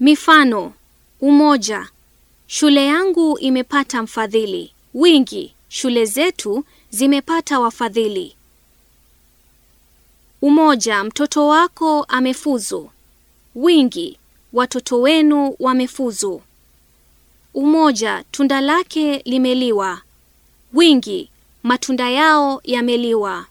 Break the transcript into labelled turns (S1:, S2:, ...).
S1: Mifano: umoja, shule yangu imepata mfadhili. Wingi, shule zetu zimepata wafadhili. Umoja, mtoto wako amefuzu. Wingi, watoto wenu wamefuzu. Umoja, tunda lake limeliwa. Wingi, matunda yao yameliwa.